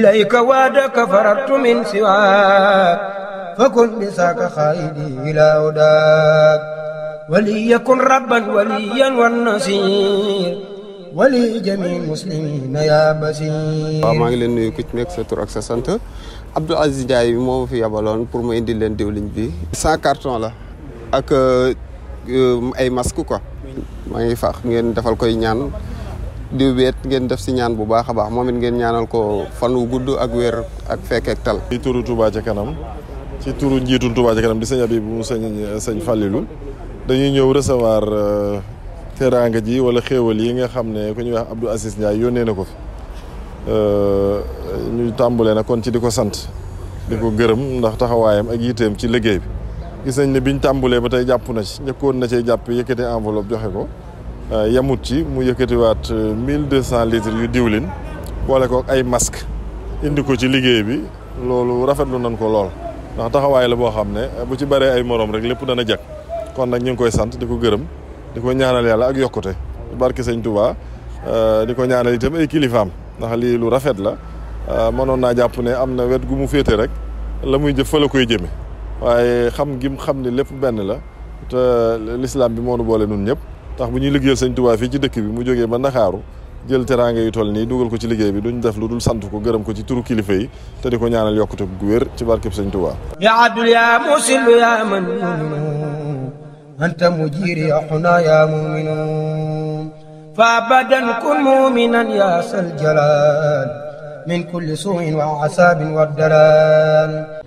إليك وعدك فررت من سواك فكن بساك خائدي إلى هداك وليكن ربا وليا والنصير ولي جميع المسلمين يا بصير waaw maa ngi leen nuyu ku ci nekk sa tur ak sa sant Abdou Aziz Ndiaye bi moo ma fi yabaloon pour ma indil leen diwlin bi cent carton la ak euh, ay masque quoi maa ngi faax ngeen defal koy ñaan di weet ngeen def si ñaan bu baax a baax moom it ngeen ñaanal ko fan wu gudd ak weer ak fekk ak tal. ci turu Touba ca kanam ci turu njiitul Touba ca kanam di sëñ Habib mu sëñ sëñ Fallilou dañuy ñëw recevoir euh, teraanga ji wala xéewal yi nga xam ne ku ñu wax Abdou Aziz Ndiaye yónnee na ko fi euh, ñu tàmbalee na kon ci di ko sant di ko gërëm ndax taxawaayam ak yiteem ci liggéey bi gis nañ ne biñ tàmbalee ba tey jàpp na ci njëkkoon na cee jàpp yëkkate enveloppe joxe ko. Euh, yamut ci mu yëkkatiwaat euh, mille deux cent litres yu diwlin boole ko ay masque indi ko ci liggéey bi loolu rafet rafetlu nañ ko lool ndax taxawaay la boo xam ne euh, bu ci baree ay morom rek lépp dana jag kon nag ñu ngi koy sant di ko gërëm di ko ñaanal la ak yokkute barki sëñ Touba di ko ñaanal itam ay kilifaam ndax lii lu rafet la mënoon naa jàpp ne am na wet gu mu féete rek la muy jëf fa la koy jëme waaye xam gim xam ni lépp benn la te lislaam bi moo nu boole nun ñëpp ndax bu ñuy liggéeyal sëñ Tuubaa fii ci dëkk bi mu jógee ba Ndakaaru jël teraanga yu toll nii dugal ko ci liggéey bi duñ def lu dul sant ko gërëm ko ci turu kilifa yi te ko ñaanal yokkute gu wér ci barkeb sëñ Tuubaa ya adul ya musil ya man anta mujir ya xuna ya muminun fa abadan kun muminan ya sal jalal min kulli suin wa asabin wa dalal